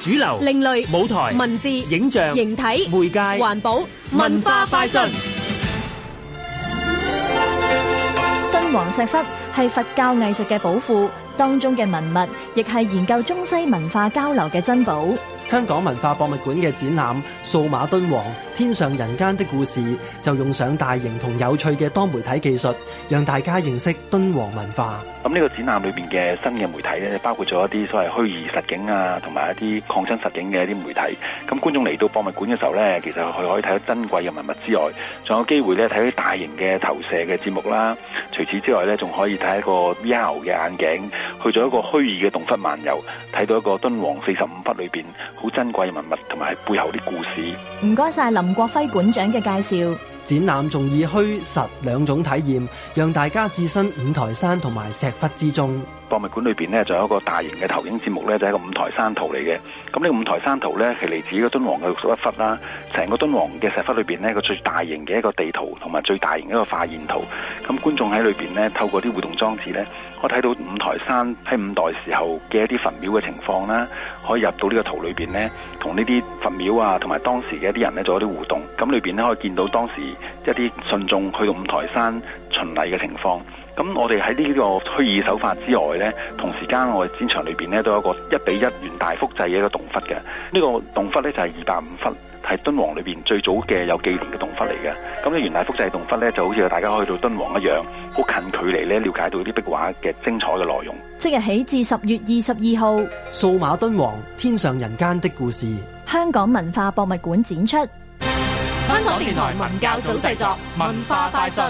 主流、另類、舞台、文字、影像、形體、媒介、環保、文化快訊。敦煌石窟係佛教藝術嘅寶庫，當中嘅文物，亦係研究中西文化交流嘅珍寶。香港文化博物館嘅展覽《數碼敦煌：天上人間的故事》就用上大型同有趣嘅多媒體技術，讓大家認識敦煌文化。咁呢個展覽裏邊嘅新嘅媒體咧，包括咗一啲所謂虛擬實境啊，同埋一啲擴增實境嘅一啲媒體。咁觀眾嚟到博物館嘅時候咧，其實佢可以睇到珍貴嘅文物之外，仲有機會咧睇到大型嘅投射嘅節目啦。除此之外咧，仲可以睇一個 VR 嘅眼鏡，去咗一個虛擬嘅洞窟漫遊，睇到一個敦煌四十五窟裏面好珍貴嘅文物同埋背後啲故事。唔該晒林國輝館長嘅介紹。展覽仲以虛實兩種體驗，讓大家置身五台山同埋石窟之中。博物館裏邊咧，仲有一個大型嘅投影節目呢就係一個五台山圖嚟嘅。咁呢個五台山圖咧，係嚟自一個敦煌嘅61窟啦。成個敦煌嘅石窟裏邊咧，一個最大型嘅一個地圖同埋最大型嘅一個化現圖。咁觀眾喺裏邊呢，透過啲互動裝置呢，可以睇到五台山喺五代時候嘅一啲佛廟嘅情況啦。可以入到呢個圖裏邊呢，同呢啲佛廟啊，同埋當時嘅一啲人呢，做一啲互動。咁裏邊呢，可以見到當時。一啲信眾去到五台山巡禮嘅情況，咁我哋喺呢個虛擬手法之外呢，同時間我哋戰場裏邊都有一個一比一原大複製嘅一個洞窟嘅，呢、呢個洞窟呢，就係二百五窟，係敦煌裏邊最早嘅有紀年嘅洞窟嚟嘅。咁、那、呢、個、原大複製的洞窟呢，就好似大家可以去到敦煌一樣，好近距離呢，了解到啲壁畫嘅精彩嘅內容。即日起至十月二十二號，數碼敦煌天上人間的故事，香港文化博物館展出。香港電臺文教組製作，作，文化快訊。